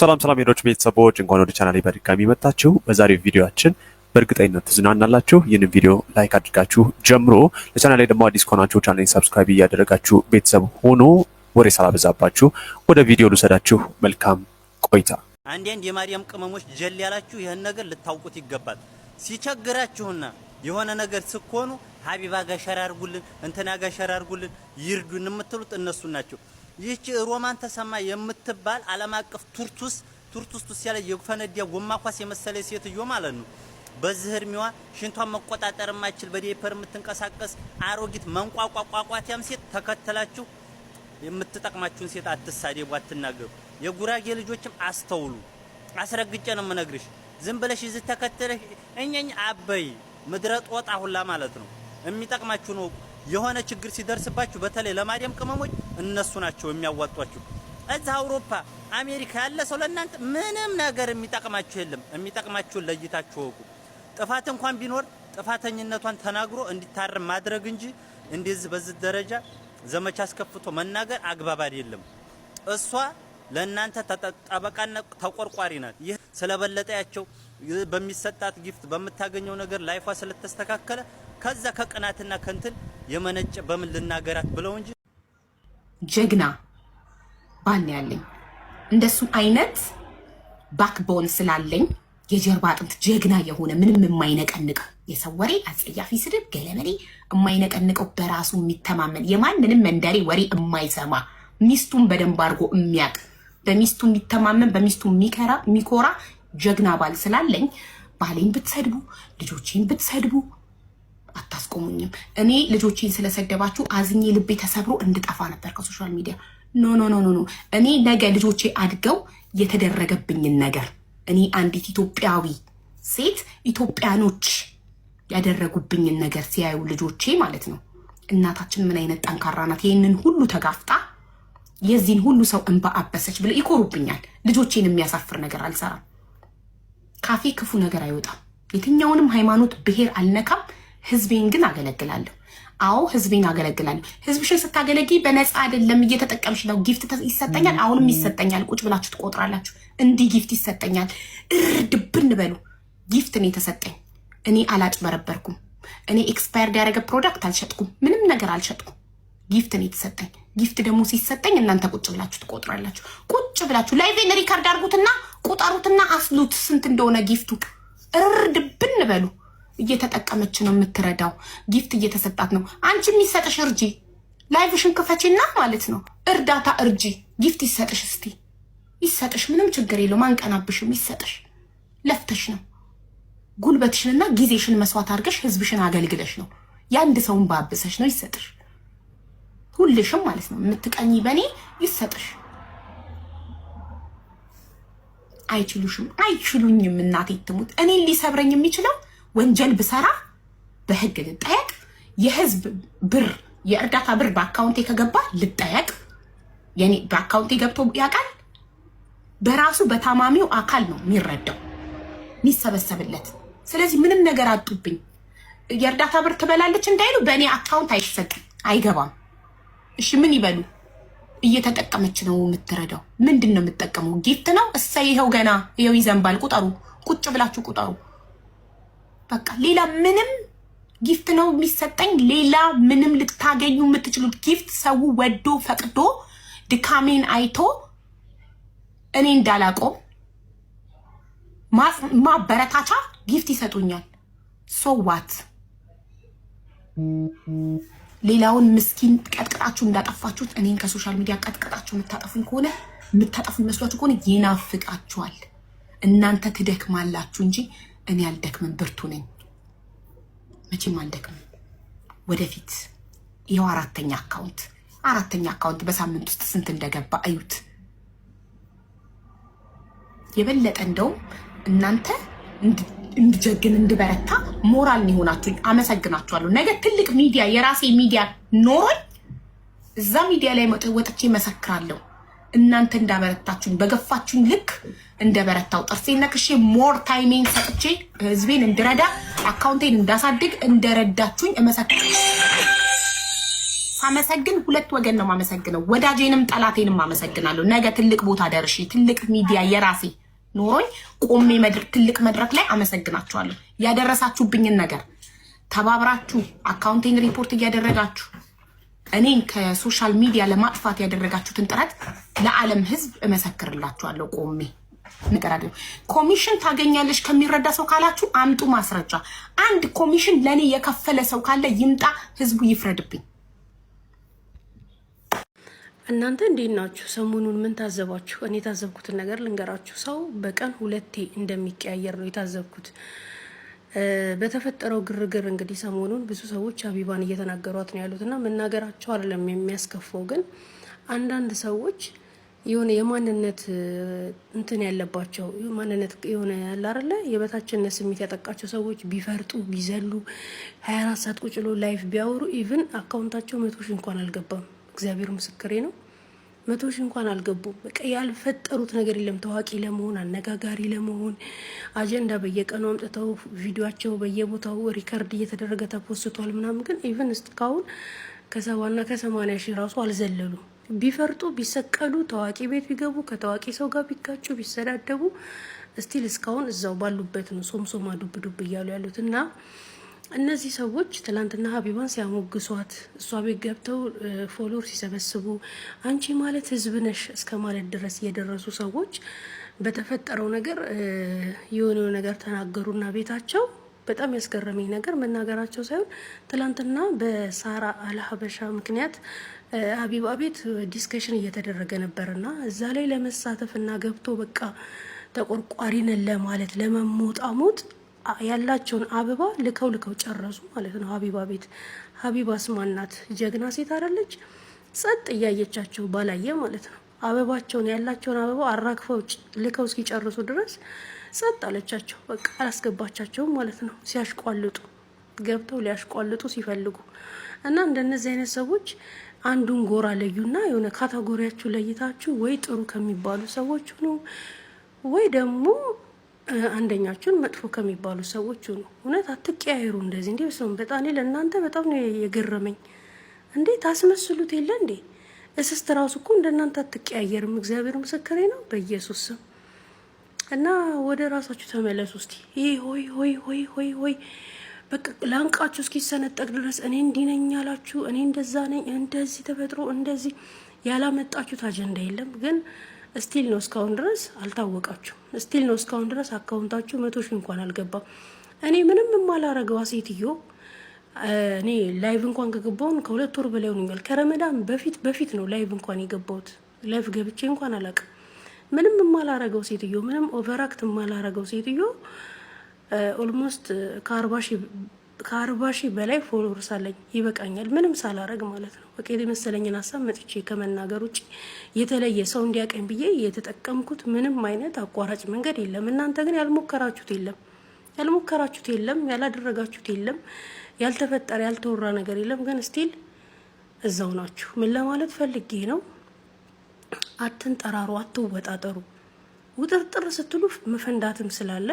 ሰላም ሰላም ሄዶች ቤተሰቦች እንኳን ወደ ቻናሌ በድጋሚ መጣችሁ። በዛሬው ቪዲዮችን በእርግጠኝነት ትዝናናላችሁ። ይህንን ቪዲዮ ላይክ አድርጋችሁ ጀምሮ ለቻናሌ ደግሞ አዲስ ከሆናችሁ ቻናሌን ሰብስክራይብ እያደረጋችሁ ቤተሰብ ሆኖ ወሬ ሳላበዛባችሁ ወደ ቪዲዮ ልውሰዳችሁ። መልካም ቆይታ። አንዳንድ የማርያም ቅመሞች ጀል ያላችሁ ይህን ነገር ልታውቁት ይገባል። ሲቸግራችሁና የሆነ ነገር ስኮኑ ሀቢባ ጋሸራ አርጉልን፣ እንትና ጋሸራ አርጉልን፣ ይርዱን የምትሉት እነሱ ናቸው። ይህቺ ሮማን ተሰማ የምትባል ዓለም አቀፍ ቱርቱስ ቱርቱስ ቱስ ያለ የፈነዲያ ጎማ ኳስ የመሰለ ሴትዮ ማለት ነው። በዚህ እድሜዋ ሽንቷን መቆጣጠር የማይችል በዲፐር የምትንቀሳቀስ አሮጊት መንቋቋቋቋትያም ሴት ተከተላችሁ የምትጠቅማችሁን ሴት አትሳደቡ፣ አትናገሩ። የጉራጌ ልጆችም አስተውሉ። አስረግጬ ነው የምነግርሽ። ዝም ብለሽ እዚህ ተከተለሽ እኛኝ አበይ ምድረ ጦጣ ሁላ ማለት ነው። የሚጠቅማችሁን እወቁ። የሆነ ችግር ሲደርስባችሁ በተለይ ለማዳም ቅመሞች እነሱ ናቸው የሚያዋጧችሁ። እዛ አውሮፓ አሜሪካ ያለ ሰው ለእናንተ ምንም ነገር የሚጠቅማችሁ የለም። የሚጠቅማችሁን ለይታችሁ ወቁ። ጥፋት እንኳን ቢኖር ጥፋተኝነቷን ተናግሮ እንዲታረም ማድረግ እንጂ እንደዚህ በዚህ ደረጃ ዘመቻ አስከፍቶ መናገር አግባብ አይደለም። እሷ ለእናንተ ጠበቃና ተቆርቋሪ ናት። ይህ ስለበለጠያቸው በሚሰጣት ጊፍት በምታገኘው ነገር ላይፏ ስለተስተካከለ ከዛ ከቅናትና ከንትን የመነጨ በምን ልናገራት ብለው እንጂ ጀግና ባል ያለኝ እንደሱ አይነት ባክቦን ስላለኝ የጀርባ አጥንት ጀግና የሆነ ምንም የማይነቀንቀው የሰው ወሬ አጸያፊ ስድብ ገለመኔ የማይነቀንቀው በራሱ የሚተማመን የማንንም መንደሬ ወሬ የማይሰማ ሚስቱን በደንብ አድርጎ የሚያቅ በሚስቱ የሚተማመን በሚስቱ የሚኮራ ጀግና ባል ስላለኝ ባሌን ብትሰድቡ ልጆቼን ብትሰድቡ አታስቆሙኝም። እኔ ልጆቼን ስለሰደባችሁ አዝኜ ልቤ ተሰብሮ እንድጠፋ ነበር ከሶሻል ሚዲያ። ኖ ኖ ኖ ኖ። እኔ ነገ ልጆቼ አድገው የተደረገብኝን ነገር እኔ አንዲት ኢትዮጵያዊ ሴት ኢትዮጵያኖች ያደረጉብኝን ነገር ሲያዩ ልጆቼ ማለት ነው እናታችን ምን አይነት ጠንካራ ናት፣ ይህንን ሁሉ ተጋፍጣ የዚህን ሁሉ ሰው እንባ አበሰች ብለው ይኮሩብኛል። ልጆቼን የሚያሳፍር ነገር አልሰራም። ካፌ ክፉ ነገር አይወጣም። የትኛውንም ሃይማኖት፣ ብሔር አልነካም። ህዝቤን ግን አገለግላለሁ። አዎ ህዝቤን አገለግላለሁ። ህዝብሽን ስታገለግይ በነፃ አይደለም እየተጠቀምሽ ነው። ጊፍት ይሰጠኛል፣ አሁንም ይሰጠኛል። ቁጭ ብላችሁ ትቆጥራላችሁ። እንዲህ ጊፍት ይሰጠኛል። እርድ በሉ ጊፍት እኔ ተሰጠኝ። እኔ አላጭበረበርኩም። እኔ ኤክስፓየርድ ያደረገ ፕሮዳክት አልሸጥኩም። ምንም ነገር አልሸጥኩም። ጊፍት እኔ ተሰጠኝ። ጊፍት ደግሞ ሲሰጠኝ እናንተ ቁጭ ብላችሁ ትቆጥራላችሁ። ቁጭ ብላችሁ ላይቬን ሪካርድ አድርጉትና ቁጠሩትና አስሉት ስንት እንደሆነ ጊፍቱ እርድ በሉ። እየተጠቀመች ነው የምትረዳው። ጊፍት እየተሰጣት ነው። አንቺ የሚሰጥሽ እርጂ። ላይፍሽን ክፈችና ማለት ነው እርዳታ እርጂ። ጊፍት ይሰጥሽ እስቲ ይሰጥሽ። ምንም ችግር የለውም። አንቀናብሽም። ይሰጥሽ። ለፍተሽ ነው ጉልበትሽንና ጊዜሽን መስዋዕት አድርገሽ ህዝብሽን አገልግለሽ ነው የአንድ ሰውን ባብሰሽ ነው። ይሰጥሽ። ሁልሽም ማለት ነው የምትቀኝ በእኔ ይሰጥሽ። አይችሉሽም። አይችሉኝም። እናቴ ትሙት እኔን ሊሰብረኝ የሚችለው ወንጀል ብሰራ በህግ ልጠየቅ፣ የህዝብ ብር የእርዳታ ብር በአካውንቴ ከገባ ልጠየቅ። የኔ በአካውንቴ ገብቶ ያውቃል? በራሱ በታማሚው አካል ነው የሚረዳው የሚሰበሰብለት። ስለዚህ ምንም ነገር አጡብኝ የእርዳታ ብር ትበላለች እንዳይሉ በእኔ አካውንት አይሰጥም፣ አይገባም። እሺ ምን ይበሉ? እየተጠቀመች ነው የምትረዳው። ምንድን ነው የምትጠቀመው? ጊፍት ነው። እሰይ፣ ይኸው ገና ይኸው ይዘንባል። ቁጠሩ፣ ቁጭ ብላችሁ ቁጠሩ። በቃ ሌላ ምንም ጊፍት ነው የሚሰጠኝ። ሌላ ምንም ልታገኙ የምትችሉት ጊፍት ሰው ወዶ ፈቅዶ ድካሜን አይቶ እኔ እንዳላቆም ማበረታቻ ጊፍት ይሰጡኛል። ሶዋት ሌላውን ምስኪን ቀጥቅጣችሁ እንዳጠፋችሁት እኔን ከሶሻል ሚዲያ ቀጥቅጣችሁ የምታጠፉኝ ከሆነ የምታጠፉኝ መስሏችሁ ከሆነ ይናፍቃችኋል። እናንተ ትደክማላችሁ እንጂ እኔ አልደክምም፣ ብርቱ ነኝ፣ መቼም አልደክምም። ወደፊት ይኸው አራተኛ አካውንት አራተኛ አካውንት በሳምንት ውስጥ ስንት እንደገባ አዩት የበለጠ እንደውም እናንተ እንድጀግን እንድበረታ ሞራል የሆናችሁ አመሰግናችኋለሁ። ነገ ትልቅ ሚዲያ የራሴ ሚዲያ ኖሮኝ እዛ ሚዲያ ላይ ወጥቼ መሰክራለሁ። እናንተ እንዳበረታችሁኝ በገፋችሁኝ ልክ እንደበረታው ጥርሴ ነክሼ ሞር ታይሜን ሰጥቼ ህዝቤን እንድረዳ አካውንቴን እንዳሳድግ እንደረዳችሁኝ እመሰክር። ሳመሰግን ሁለት ወገን ነው ማመሰግነው፣ ወዳጄንም ጠላቴንም አመሰግናለሁ። ነገ ትልቅ ቦታ ደርሼ ትልቅ ሚዲያ የራሴ ኖሮኝ ቆሜ ትልቅ መድረክ ላይ አመሰግናችኋለሁ። ያደረሳችሁብኝን ነገር ተባብራችሁ አካውንቴን ሪፖርት እያደረጋችሁ እኔን ከሶሻል ሚዲያ ለማጥፋት ያደረጋችሁትን ጥረት ለዓለም ሕዝብ እመሰክርላችኋለሁ ቆሜ ነገር አለ። ኮሚሽን ታገኛለሽ ከሚረዳ ሰው ካላችሁ አምጡ ማስረጃ። አንድ ኮሚሽን ለእኔ የከፈለ ሰው ካለ ይምጣ፣ ህዝቡ ይፍረድብኝ። እናንተ እንዴት ናችሁ? ሰሞኑን ምን ታዘባችሁ? እኔ የታዘብኩትን ነገር ልንገራችሁ። ሰው በቀን ሁለቴ እንደሚቀያየር ነው የታዘብኩት። በተፈጠረው ግርግር እንግዲህ ሰሞኑን ብዙ ሰዎች ሀቢባን እየተናገሯት ነው ያሉት እና መናገራቸው አይደለም የሚያስከፈው፣ ግን አንዳንድ ሰዎች የሆነ የማንነት እንትን ያለባቸው ማንነት የሆነ ያለ አይደለ የበታችነት ስሜት ያጠቃቸው ሰዎች ቢፈርጡ ቢዘሉ ሀያ አራት ሰዓት ቁጭሎ ላይፍ ቢያወሩ ኢቭን አካውንታቸው መቶ እንኳን አልገባም። እግዚአብሔር ምስክሬ ነው። መቶ ሺህ እንኳን አልገቡም። በቃ ያልፈጠሩት ነገር የለም። ታዋቂ ለመሆን አነጋጋሪ ለመሆን አጀንዳ በየቀኑ አምጥተው ቪዲዮቸው በየቦታው ሪከርድ እየተደረገ ተፖስቷል ምናምን። ግን ኢቨን እስካሁን ከሰባና ከሰማንያ ሺህ ራሱ አልዘለሉ። ቢፈርጡ ቢሰቀሉ ታዋቂ ቤት ቢገቡ ከታዋቂ ሰው ጋር ቢጋጩ ቢሰዳደቡ ስቲል እስካሁን እዛው ባሉበት ነው ሶምሶማ ዱብ ዱብ እያሉ ያሉት እና እነዚህ ሰዎች ትላንትና ሀቢባን ሲያሞግሷት እሷ ቤት ገብተው ፎሎር ሲሰበስቡ አንቺ ማለት ህዝብ ነሽ እስከ ማለት ድረስ የደረሱ ሰዎች በተፈጠረው ነገር የሆነው ነገር ተናገሩና ቤታቸው በጣም ያስገረመኝ ነገር መናገራቸው ሳይሆን ትላንትና በሳራ አልሀበሻ ምክንያት ሀቢባ ቤት ዲስከሽን እየተደረገ ነበርና እዛ ላይ ለመሳተፍ ገብቶ በቃ ተቆርቋሪ ነን ለማለት ለመሞጣሞጥ ያላቸውን አበባ ልከው ልከው ጨረሱ ማለት ነው። ሀቢባ ቤት ሀቢባ ስማናት ጀግና ሴት አይደለች? ጸጥ እያየቻቸው ባላየ ማለት ነው። አበባቸውን ያላቸውን አበባ አራግፈው ልከው እስኪጨርሱ ድረስ ጸጥ አለቻቸው። በቃ አላስገባቻቸውም ማለት ነው። ሲያሽቋልጡ ገብተው ሊያሽቋልጡ ሲፈልጉ እና እንደነዚህ አይነት ሰዎች አንዱን ጎራ ለዩና የሆነ ካታጎሪያችሁ ለይታችሁ ወይ ጥሩ ከሚባሉ ሰዎች ሁኑ ወይ ደግሞ አንደኛችን መጥፎ ከሚባሉ ሰዎች ነው። እውነት አትቀያየሩ። እንደዚህ እንዲ ሰውን በጣም ለእናንተ በጣም ነው የገረመኝ። እንዴት አስመስሉት የለ እንዴ እስስት ራሱ እኮ እንደናንተ አትቀያየርም። እግዚአብሔር ምስክሬ ነው በኢየሱስ ስም። እና ወደ ራሳችሁ ተመለሱ እስቲ። ይሄ ሆይ ሆይ ሆይ ሆይ ሆይ በቃ ላንቃችሁ እስኪሰነጠቅ ድረስ እኔ እንዲህ ነኝ ያላችሁ እኔ እንደዛ ነኝ እንደዚህ ተፈጥሮ እንደዚህ ያላመጣችሁት አጀንዳ የለም ግን ስቲል ነው እስካሁን ድረስ አልታወቃችሁ። ስቲል ነው እስካሁን ድረስ አካውንታችሁ መቶ ሺህ እንኳን አልገባም። እኔ ምንም የማላረገዋ ሴትዮ እኔ ላይቭ እንኳን ከገባውን ከሁለት ወር በላይ ሆኖኛል። ከረመዳን በፊት በፊት ነው ላይቭ እንኳን የገባሁት። ላይቭ ገብቼ እንኳን አላውቅም። ምንም የማላረገው ሴትዮ ምንም ኦቨራክት የማላረገው ሴትዮ ኦልሞስት ከአርባ ሺህ ከአርባ ሺህ በላይ ፎሎወር ሳለኝ ይበቃኛል፣ ምንም ሳላረግ ማለት ነው። በቃ የመሰለኝን ሀሳብ መጥቼ ከመናገር ውጭ የተለየ ሰው እንዲያቀኝ ብዬ የተጠቀምኩት ምንም አይነት አቋራጭ መንገድ የለም። እናንተ ግን ያልሞከራችሁት የለም፣ ያልሞከራችሁት የለም፣ ያላደረጋችሁት የለም፣ ያልተፈጠረ ያልተወራ ነገር የለም። ግን ስቲል እዛው ናችሁ። ምን ለማለት ፈልጌ ነው? አትንጠራሩ፣ አትወጣጠሩ። ውጥርጥር ስትሉ መፈንዳትም ስላለ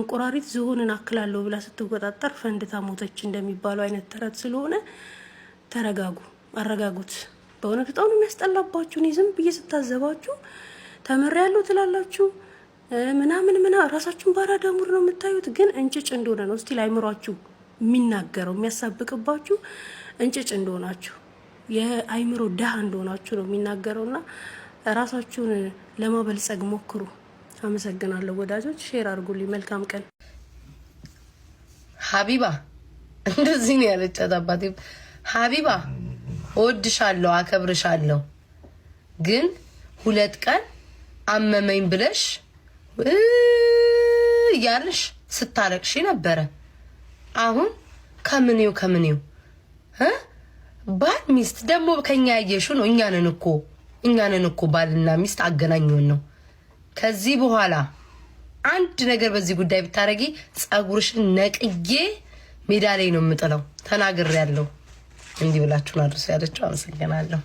እንቁራሪት ዝሆንን አክላለሁ ብላ ስትወጣጠር ፈንድታ ሞተች እንደሚባለው አይነት ተረት ስለሆነ ተረጋጉ፣ አረጋጉት። በእውነት በጣም የሚያስጠላባችሁ። እኔ ዝም ብዬ ስታዘባችሁ ተመሪያለሁ ትላላችሁ ምናምን ምና ራሳችሁን ባራዳ ሙር ነው የምታዩት፣ ግን እንጭጭ እንደሆነ ነው ስቲል አይምሯችሁ የሚናገረው የሚያሳብቅባችሁ እንጭጭ እንደሆናችሁ የአይምሮ ድሃ እንደሆናችሁ ነው የሚናገረውና ራሳችሁን ለማበልጸግ ሞክሩ። አመሰግናለሁ ወዳጆች፣ ሼር አድርጉልኝ። መልካም ቀን። ሀቢባ እንደዚህ ነው ያለቻት። አባቴ ሀቢባ እወድሻለሁ፣ አከብርሻለሁ፣ ግን ሁለት ቀን አመመኝ ብለሽ እያልሽ ስታለቅሽ ነበረ። አሁን ከምኔው ከምኔው ባል ሚስት ደግሞ ከኛ ያየሽው ነው። እኛንን እኮ እኛንን እኮ ባልና ሚስት አገናኘን ነው ከዚህ በኋላ አንድ ነገር በዚህ ጉዳይ ብታረጊ ጸጉርሽን ነቅዬ ሜዳ ላይ ነው የምጥለው። ተናግሬያለሁ። እንዲህ ብላችሁን አድርሶ ያለችው። አመሰግናለሁ።